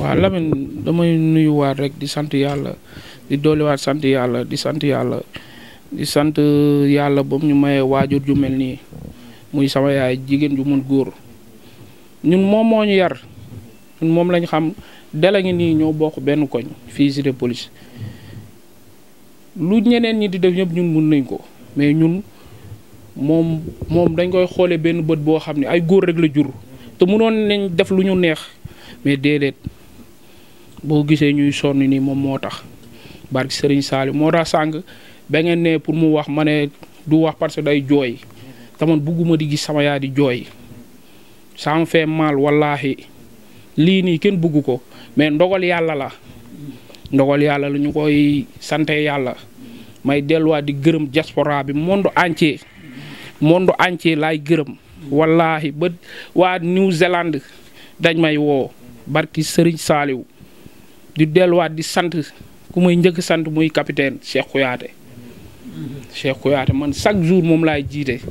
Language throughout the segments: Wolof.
waa Lamine damay nuyuwaat rek di sant yàlla di dolliwaat sant yàlla di sant yàlla sant yàlla ba mu ñu mayee waajur ju mel nii muy sama yaay jigéen ju mun góor ñun moom moo yar moom lañ xam dela nii ñoo bokk benn koñ fii cité police lu ñeneen ñi di def ñëpp ñun mun nañ ko mais ñun moom moom dañ koy xoolee benn bët boo xam ne ay góor rek la jur te mënoon nañ def lu ñu neex mais déedéet boo gisee ñuy sonn nii moom moo tax barki Serigne Saliou moo tax sànq ba ngeen ne pour mu wax ma ne du wax parce que day jooy te man bugguma di gis sama yaay di jooy ça me mal wallaahi lii nii kenn bugg ko mais ndogal yàlla la ndogal yàlla la ñu koy sante yàlla may delluwaat di gërëm diaspora bi monde entier monde entier laay gërëm wallaahi ba waa New Zealand dañ may woo barki Serigne Saliou di delluwaat di sant ku may njëkk sant muy capitaine Cheikh Kouyaté man chaque jour moom laay jiite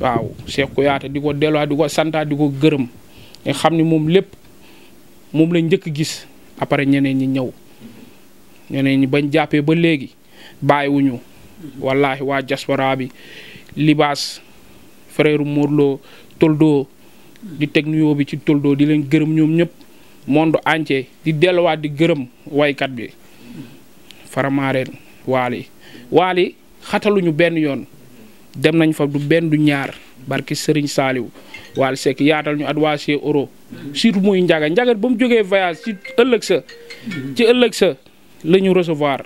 waaw Cheikh Kouyaté di ko delluwaat di ko santaat di ko gërëm nga xam ni moom lépp moom la njëkk gis après ñeneen ñi ñëw ñeneen ñi bañ jàppee ba léegi bàyyiwuñu wallahi waa diaspora bi libaas frère Morlo Toldo di teg nuyoo bi ci Toldo di leen gërëm ñoom ñëpp. monde entier di delluwaat di gërëm waykat bi Faramareen Waali Waali xataluñu benn yoon dem nañ fa du benn du ñaar barki Serigne saaliw Waali Seck yaatal ñu advoisé euro surtout muy njaga njaga ba mu jógee voyage ci ëllëg sa ci ëllëg sa la ñu recevoir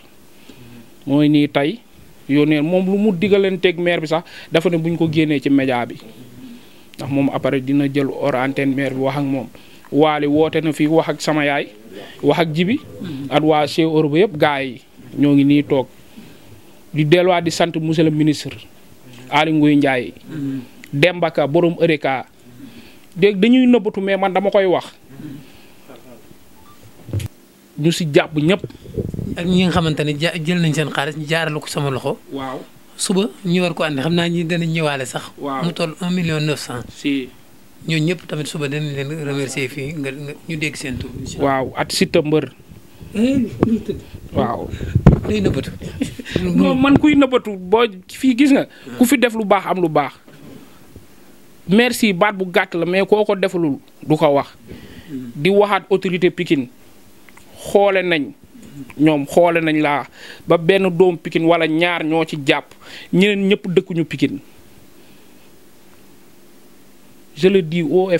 mooy nii tey yónnee moom lu mu diggalanteeg maire bi sax dafa ne bu ñu ko génnee ci média bi ndax moom après dina jël hors antenne bi wax ak moom waali woote na fii wax ak sama yaay wax ak jibi at waa chez Europe yëpp gaa yi ñoo ngi nii toog di delluwaat di sant monsieur le ministre Aly Ngouille Ndiaye Demba Ka borom Eureka dégg dañuy nëbbatu mais man dama koy wax ñu si jàpp ñëpp. ak ñi nga xamante ne jël nañ seen xaalis ñu jaarale ko sama loxo. waaw suba ñu war ko ànd xam naa ñi dana ñëwaale sax. waaw mu toll un si. ñooñu ñëpp tamit suba dinañ leen remercier fii nga ñu dégg seen tur. waaw at Siteu mbër. Eh, waaw. day nëbbatu. non man kuy nëbbatu boo fii gis na ku fi def lu baax am lu baax. merci baat bu gàtt la mais koo ko defalul du ko wax. di waxaat autorité Pikine xoole nañ. ñoom xoole nañ laa ba benn doom Pikine wala ñaar ñoo ci jàpp ñeneen ñëpp dëkkuñu pikin je le dis haut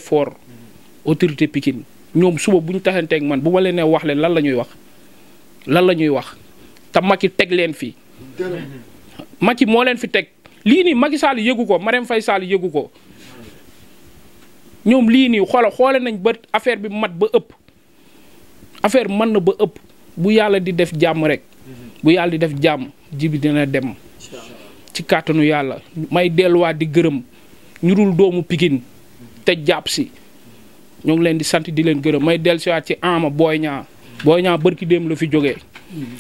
autorité Pikine ñoom suba bu ñu taxanteeg man bu ma leen wax leen lan la ñuy wax lan la ñuy wax te Macky teg leen fi. Macky moo leen fi teg lii nii magi Sall yëgu ko Marème Faye Sall yëgu ko ñoom lii nii xoola xoole nañ ba affaire bi mat ba ëpp affaire mën na ba ëpp bu yàlla di def jàmm rek bu yàlla di def jàmm jibi dina dem ci kàttanu yàlla may delluwaat di gërëm ñu dul doomu pikin te jàpp si ñoo ngi leen di sant di leen gërëm may dellusiwaat ci Ama booy Niang Boy Niang bërki démb la fi jógee.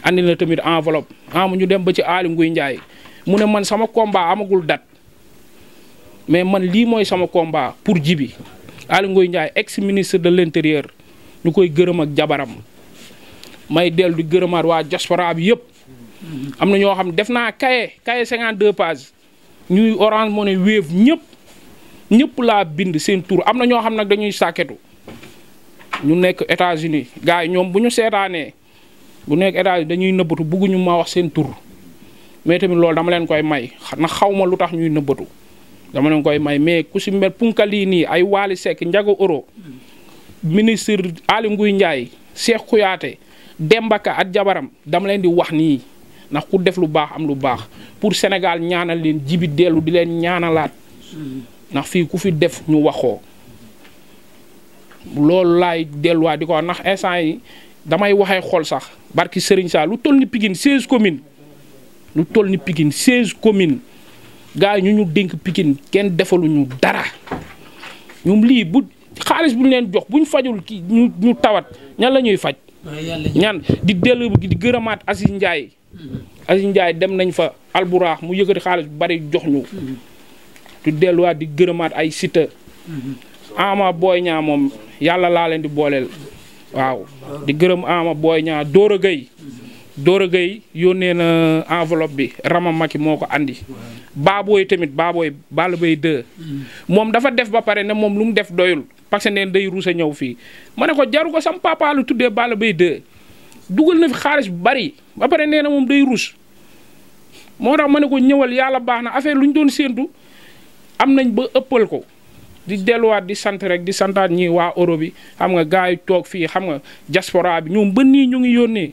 andi na tamit enveloppe Ama ñu dem ba ci Aly Ngouille Ndiaye mu ne man sama combat amagul date mais man lii mooy sama combat pour jibi Aly Ngouille Ndiaye ex ministre de l'intérieur ñu koy gërëm ak jabaram may dellu di gërëmaat waa diaspora bi yëpp. am na ñoo xam def naa kaye kaye 52 pages ñuy Orange Money Wave ñëpp. ñëpp laa bind seen tur am na ñoo xam nag dañuy sàkketu ñu nekk États-Unis gars yi ñoom bu ñu seetaanee bu nekk États-Unis dañuy nëbbatu buggu ñu ma wax seen tur mais tamit loolu dama leen koy may na xaw ma lu tax ñuy nëbbatu dama leen koy may mais ku si mel nii ay Waly Seck Ndiago Euro ministre Aly nguy Ndiaye Cheikh Kouyaté Demba Ka ak jabaram dama leen di wax nii ndax ku def lu baax am lu baax pour Sénégal ñaanal leen jibi dellu di leen ñaana laat ndax fii ku fi def ñu waxoo loolu laay delluwaa di ko wax ndax instant yi damay waxee xol sax barki Serigne saa lu toll ni Pikine 16 communes lu toll ni pikin 16 commune gaa yi ñu ñu dénk Pikine kenn defaluñu dara ñoom lii bu xaalis bu ñu leen jox bu ñu fajul ki ñu tawat ñan la ñuy faj. ñan di dellu di gërëmaat Aziz Ndiaye. Mm-hmm. Aziz Ndiaye dem nañ fa alburaax mu yëkkati xaalis bu bari jox ñu. Mm-hmm. du delluwaat di gërëmaat ay Siteu Ama booy ñaa moom yàlla laa leen di booleel waaw di gërëm Ama Boy Niang Doro gay Doro gay yónnee na enveloppe bi Rama Maki moo ko andi baabooy tamit Baboy Balla Gaye 2 moom dafa def ba pare ne moom lu mu def doyul parce que neen day ruus a ñëw fii ma ne ko jaru ko sam tuddee Balla Gaye 2 dugal na fi xaalis bu bari ba pare nee na moom day ruus moo tax ma ne ko ñëwal yàlla baax na affaire lu ñu doon séentu am nañ ba ëppal ko di delluwaat di sant rek di santaat ñi waa Europe bi xam nga gars yi toog fii xam nga diaspora bi ñoom ba nii ñu ngi yónnee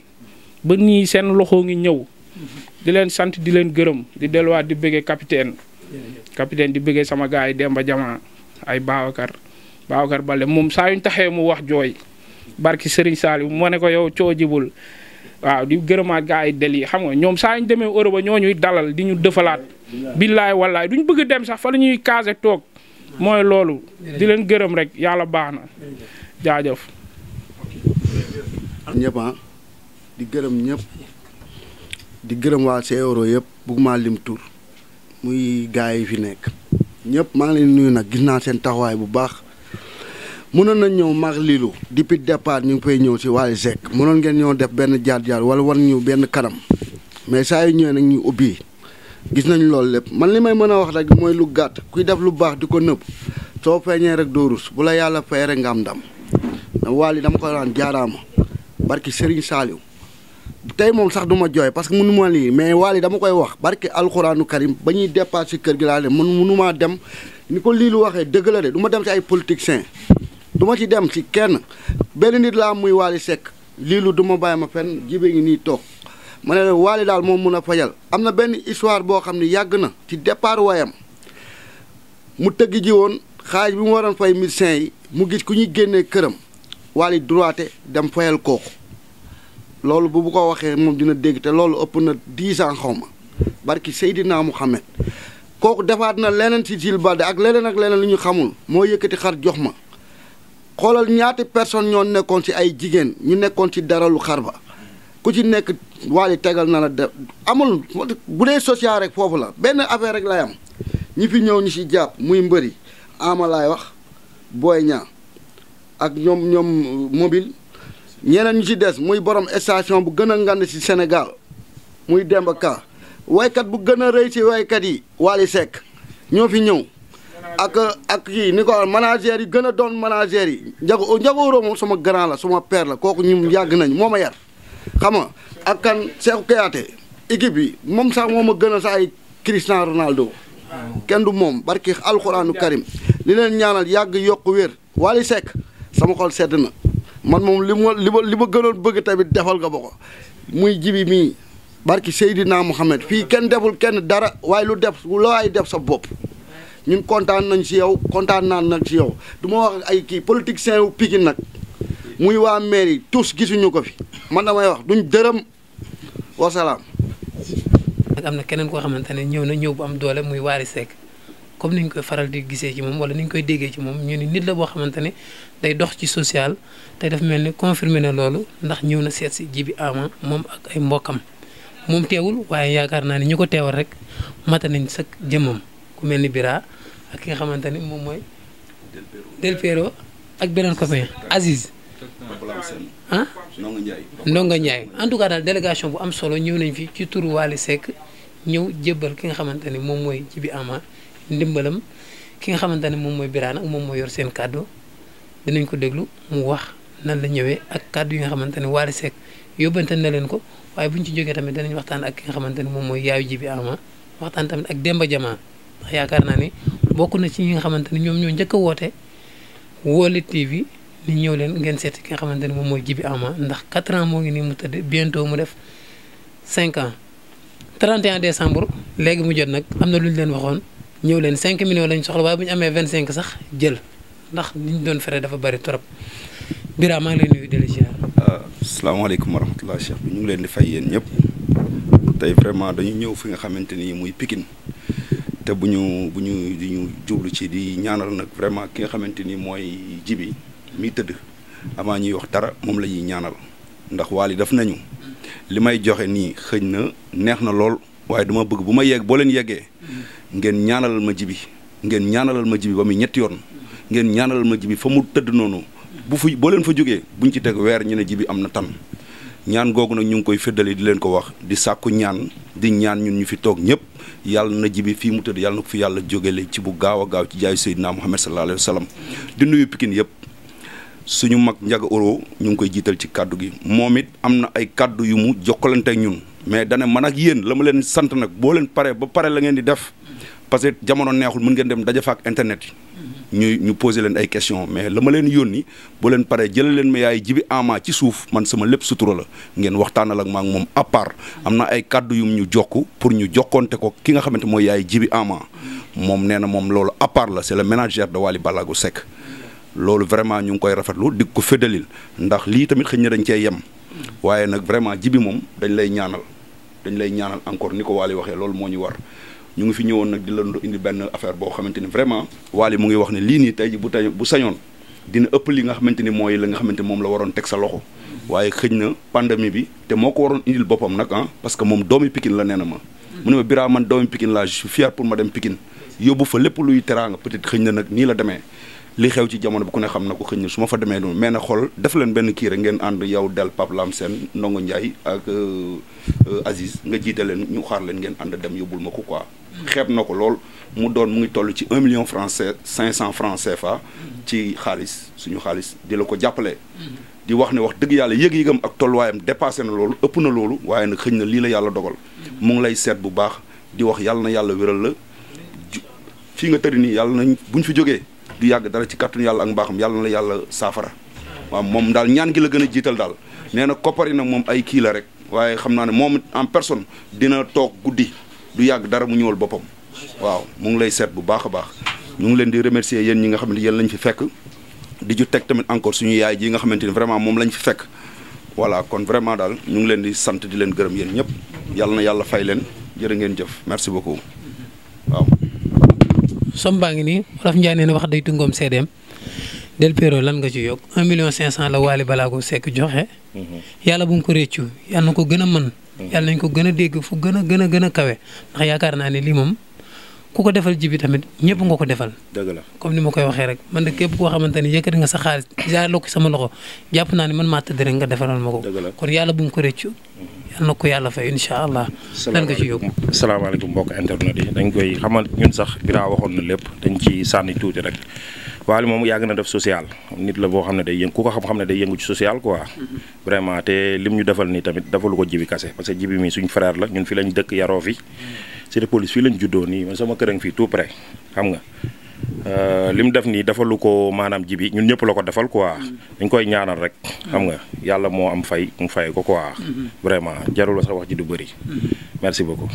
ba nii seen loxo ngi ñëw di leen sant di leen gërëm di delluwaat di bëggee capitaine. capitaine di bëggee sama gars yi ba Jama ay Babacar Babacar Bale moom saa yu ñu taxee mu wax jooy barki Serigne saali mu ne ko yow coo waaw di gërëmaat gaa yi del yi xam nga ñoom saa ñu demee oro ba ñoo ñuy dalal di ñu dëfalaat billaay wallaay ñu bëgg dem sax fa la ñuy kaase toog mooy loolu di leen gërëm rek yàlla baax na jaajaf ñëpp ah. di gërëm ñëpp di gërëm waa Seeoro yëpp maa lim tur muy gaa yi fi nekk ñëpp maa ngi leen nuyu nag gis naa seen taxawaay bu baax mënoon nañ ñëw Marlilu depuis départ ñu ngi fay ñëw si Wally Seck mënoon ngeen ñëw def benn jaar jaar wala war ñu benn kanam mais saa yu ñëwee nag ñu ubbi gis nañ loolu lépp man li may mën a wax rek mooy lu gàtt kuy def lu baax di ko nëbb soo feeñee rek doo rus bu la yàlla fay rek nga am ndam mais dama ko daan jaaraama barki Serigne Saliou tey moom sax du ma jooy que mënu ma lii mais Wally dama koy wax barki alxuraanu karim ba ñuy départ si kër gi laa ne man dem ni ko lii lu waxee dëgg la de du ma dem si ay politiciens duma ci dem ci kenn benn nit laa muy Waly Seck lii lu du ma bàyyi ma fenn jibe ngi nii toog ma ne Waly daal moom mën a fajal am na benn histoire boo xam ne yàgg na ci départ waayam mu tëgg ji woon xaaj bi mu waroon fay médecin yi mu gis ku ñuy génnee këram Waly droité dem fayal kooku loolu bu bu ko waxee moom dina dégg te loolu ëpp na 10 ans xaw ma barki Seydina Mouhamed kooku defaat na leneen ci Jules Baldé ak leneen ak leneen li ñu xamul moo yëkkati xar jox ma xoolal ñaati personne ñoo nekkoon ci ay jigéen ñu nekkoon ci dara lu daralu ba ku ci nekk waali tegal na la de amul bu dee social rek foofu la benn affaire rek lay am ñi fi ñëw ñu ci jàpp muy mbëri ama laay wax booy ñaa ak ñoom ñoom mobile ñeneen ñu ci des muy borom station bu gën a ngand ci Sénégal muy Demba Ka waykat bu gën a rëy ci waykat yi Waly Seck ñoo fi ñëw ak ak kii ni ko managères yi gën a doon managères yi. Ndiago Ndiago Oro sama grand la sama peer la kooku ñun yàgg nañ moom ma yar xam nga ak kan Cheikhou Kouyaté équipe bi moom sax moom ma gën a sax ay Cristiano Ronaldo. kenn du moom barki alxuraanu karim li leen ñaanal yàgg yokk wér Wally Seck sama xol sedd na man moom li ma li ma li ma gënoon bëgg tamit defal nga ba ko muy jibi mii barki Seydina Mohamed fii kenn deful kenn dara waaye lu def lu waay def sa bopp ñun kontaan nañ si yow kontaan naan nag si yow du wax ay kii politiciens yu Pikine nag muy waa maire yi tous gisuñu ko fi man damay wax duñ dërëm wasalaam. am na keneen koo xamante ne ñëw na ñëw bu am doole muy Waly Seck comme ni ñu koy faral di gisee ci moom wala ni ñu koy déggee ci moom ñu ni nit la boo xamante ne day dox ci social te daf mel ni confirmé ne loolu ndax ñëw na seet si Djiby Ama moom ak ay mbokkam moom teewul waaye yaakaar naa ne ñu ko teewal rek mata sa jëmmam. ku mel ni Bira ak ki nga xamante ni moom mooy. Del ak beneen copain Aziz. ah ndongo Ndiaye. Ndonga Ndiaye tout cas daal délégation bu am solo ñëw nañ fii ci turu Waly Seck ñëw jébbal ki nga xamante ni moom mooy Jibi Ama ndimbalam ki nga xamante ne moom mooy biraana moom mooy yor seen kàddu dinañ ko déglu mu wax nan la ñëwee ak kàddu yi nga xamante ne Waly Seck yóbbante na leen ko waaye bu ñu ci jógee tamit danañ waxtaan ak ki nga xamante ni moom mooy yaayu Jibi Ama waxtaan tamit ak ndax yaakaar naa ni bokk na ci ñi nga xamante ni ñoom ñoo njëkk a woote woole TV ni ñëw leen ngeen seet ki nga xamante ni moom mooy en Ama ndax 4 ans moo ngi nii mu tëdd bientôt mu def 5 ans 31 décembre léegi mu jot nag am na lu ñu leen waxoon ñëw leen cinq millions lañ soxla waaye bu ñu amee 25 sax jël ndax li ñu doon fere dafa bari trop Bira maa ngi lay nuyu dellu ziar. Euh, asalaamaaleykum wa bi ñu ngi leen di fay yéen ñëpp tey vraiment dañu ñëw fi nga xamante ni muy Pikine. te bu ñu bu ñu di ñu jublu ci di ñaanal nag vraiment ki nga xamante ni mooy jibi mi tëdd avant ñuy wax dara moom la ñuy ñaanal ndax waali daf nañu li may joxe nii xëñ na neex na lool waaye dama bëgg bu ma yegg boo leen yeggee ngeen ñaanalal ma jibi ngeen ñaanalal ma jibi ba mu ñetti yoon ngeen ñaanalal ma jibi fa mu tëdd noonu bu fu boo leen fa jógee buñ ci teg weer ñu ne jibi am na tan ñaan googu nag ñu ngi koy féddale di leen ko wax di sàkku ñaan di ñaan ñun ñu fi toog ñëpp yàlla na jibi fii mu tëdd yàlla na ko fi yàlla jógele ci bu gaaw a gaaw ci jaayu Seydina Muhammad sallallahu alayhi wa sallam di nuyu Pikine yëpp suñu mag Ndiaga Euro ñu ngi koy jiital ci kàddu gi moom it am na ay kàddu yu mu jokkalante ñun mais dana man ak yéen la ma leen sant nag boo leen pare ba pare la ngeen di def parce que jamono neexul mën ngeen dem daje fa ak internet yi. ñuy ñu poser leen ay question mais la ma leen yónni boo leen paree jëlee leen ma yaay jibi ama ci suuf man sama lépp sutura la ngeen waxtaanal ak ma ak moom à part am na ay kàddu yum ñu jokk pour ñu jokkonte ko ki nga xamante mooy yaay jibi ama moom nee na moom loolu à part la c'est le manager de Wally Ballago Seck loolu vraiment ñu ngi koy rafetlu di ko fédalil ndax lii tamit xëy na dañ cee yem waaye nag vraiment jibi moom dañ lay ñaanal dañ lay ñaanal encore ni ko Wally waxee loolu moo ñu war ñu ngi fi ñëwoon nag di la indi benn affaire boo xamante ni vraiment Wally mu ngi wax ne lii nii tey ji bu tey bu sañoon dina ëpp li nga xamante ni mooy la nga xamante ni moom la waroon teg sa loxo waaye xëj na pandémie bi te moo ko waroon indil boppam nag ah parce que moom doomi Pikine la nee na ma mu ne ma Bira man doomi Pikine laa je suis pour ma dem Pikine yóbbu fa lépp luy teraanga peut-être xëj na nag nii la demee li xew ci jamono bi ku ne xam na ko xëñ na su ma fa demee noonu mais na xool def leen benn kii rek ngeen ànd yow del Pape Lam Sène Ndongo Ndiaye ak euh, euh, Aziz nga jiite leen ñu xaar leen ngeen ànd dem yóbbul ma ko quoi xeeb na ko lool mu doon mu ngi toll ci un million francs cinq cent francs CFA ci xaalis suñu xaalis di la ko jàppale. di wax ne wax dëgg yàlla yëg-yëgam ak tolluwaayam dépassé na loolu ëpp na loolu waaye nag xëñ na lii la yàlla dogal mu ngi lay seet bu baax di wax yàlla na yàlla wéral la fii nga tëri nii yàlla nañ bu ñu fi jógee du yàgg dara ci kàttanu yàlla ak mbaaxam yàlla na yàlla saafara waaw moom daal ñaan gi la gën a jiital daal nee na koppar nag moom ay kii la rek waaye xam naa ne moom en personne dina toog guddi du yàgg dara mu ñëwal boppam waaw mu ngi lay seet bu baax a baax ñu ngi leen di remercier yéen ñi nga xamante yéen lañ fi fekk di ju teg tamit encore suñu yaay ji nga xamante ni vraiment moom lañ fi fekk voilà kon vraiment daal ñu ngi leen di sant di leen gërëm yéen ñëpp yàlla na yàlla fay leen jërë ngeen jëf merci beaucoup waaw som baa ngi nii Wolof Njaay nee na wax day tungoom seedeem Del Péro lan nga ci yokk un million cinq cent la Waly Balago Seck joxe mhm. yàlla bu ko réccu yàlla a mën yàlla nañ ko gën a dégg fu gën a gën a gën a kawe ndax yaakaar naa ne lii moom ku ko defal ji bi tamit ñëpp nga ko defal. dëgg la comme ni ma koy waxee rek man na képp koo xamante ni yëkkati nga sa xaalis jaarale ko sama loxo jàpp naa ne man maa tëdd rek nga defalal ma ko. kon yàlla bu mu ko rëccu. yàlla na ko yàlla fay incha allah. lan nga ci yóbbu salaamaaleykum mbokk internet yi dañ koy xamal ñun sax Bira waxoon na lépp dañ ci sànni tuuti rek Waly moom yàgg na def social nit la boo xam ne day yëngu ku ko xam-xam ne day yëngu ci social quoi. Mm-hmm. vraiment te lim ñu defal nii tamit defalu ko jibi kase parce que jibi mii suñu frère la ñun fi lañ dëkk yaroo fi. Mm-hmm. cité police fii lañ juddoo nii man sama kër a ngi fii tout près xam nga. Euh, li mu def nii defalu ko maanaam ji bi ñun ñëpp la ko defal quoi. Mm-hmm. dañ koy ñaanal rek. xam nga yàlla moo am fay mu fay ko quoi. vraiment jarul la sa wax ji du bëri. merci beaucoup.